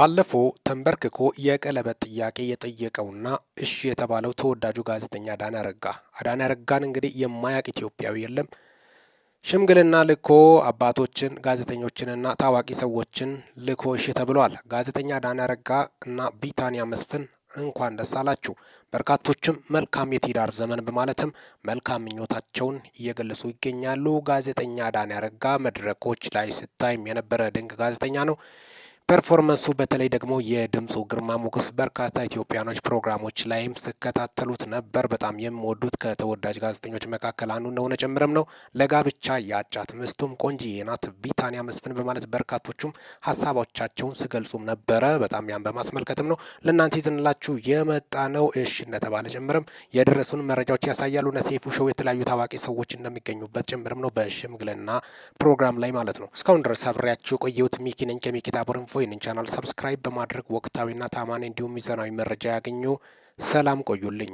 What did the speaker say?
ባለፈው ተንበርክኮ የቀለበት ጥያቄ የጠየቀውና እሺ የተባለው ተወዳጁ ጋዜጠኛ አዳነ አረጋ አዳነ አረጋን እንግዲህ የማያውቅ ኢትዮጵያዊ የለም። ሽምግልና ልኮ አባቶችን ጋዜጠኞችንና ታዋቂ ሰዎችን ልኮ እሺ ተብሏል። ጋዜጠኛ አዳነ አረጋ እና ቢታንያ መስፍን እንኳን ደስ አላችሁ። በርካቶችም መልካም የትዳር ዘመን በማለትም መልካም ምኞታቸውን እየገለጹ ይገኛሉ። ጋዜጠኛ አዳነ አረጋ መድረኮች ላይ ስታይም የነበረ ድንቅ ጋዜጠኛ ነው። ፐርፎርመንሱ በተለይ ደግሞ የድምፁ ግርማ ሞገስ በርካታ ኢትዮጵያኖች ፕሮግራሞች ላይም ስከታተሉት ነበር። በጣም የምወዱት ከተወዳጅ ጋዜጠኞች መካከል አንዱ እንደሆነ ጭምርም ነው። ለጋብቻ ያጫት ሚስቱም ቆንጂዬ ናት ቢታንያ መስፍን በማለት በርካቶቹም ሀሳቦቻቸውን ስገልጹም ነበረ። በጣም ያን በማስመልከትም ነው ለእናንተ ይዝንላችሁ የመጣ ነው። እሽ እንደተባለ ጭምርም የደረሱን መረጃዎች ያሳያሉ። ነሴፉ ሾው የተለያዩ ታዋቂ ሰዎች እንደሚገኙበት ጭምርም ነው በሽምግልና ፕሮግራም ላይ ማለት ነው። እስካሁን ድረስ አብሬያችሁ የቆየሁት ሚኪ ነኝ ይህንን ቻናል ሰብስክራይብ በማድረግ ወቅታዊና ታማኒ እንዲሁም ሚዛናዊ መረጃ ያገኙ። ሰላም ቆዩልኝ።